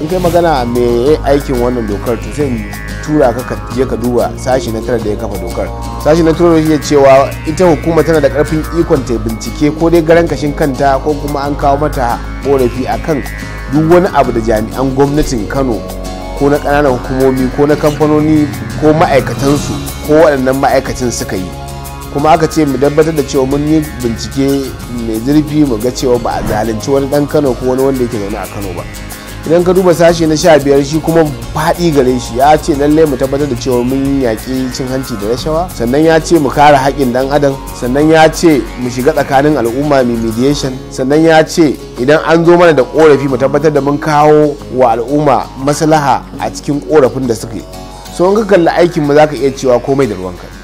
in kai magana me aikin wannan dokar to sai tura ka je ka duba sashi na tara da ya kafa dokar sashi na tara ya cewa ita hukuma tana da karfin ikon ta bincike ko dai garan kashin kanta ko kuma an kawo mata korafi akan duk wani abu da jami'an gwamnatin kano ko na ƙananan hukumomi ko na kamfanoni ko ma'aikatansu ko waɗannan ma'aikacin suka yi kuma aka ce mu tabbatar da cewa mun yi bincike mai zurfi mu ga cewa ba a zalunci wani dan kano ko wani wanda yake zaune a kano ba idan ka duba sashe na sha biyar shi kuma faɗi gare shi ya ce lallai mu tabbatar da cewa mun yaƙi cin hanci da rashawa sannan ya ce mu kare haƙƙin dan adam sannan ya ce mu shiga tsakanin al'umma mai mediation sannan ya ce idan an zo mana da ƙorafi mu tabbatar da mun kawo wa al'umma maslaha a cikin ƙorafin da suke so in ka kalli aikin mu za ka iya cewa komai da ruwan ruwanka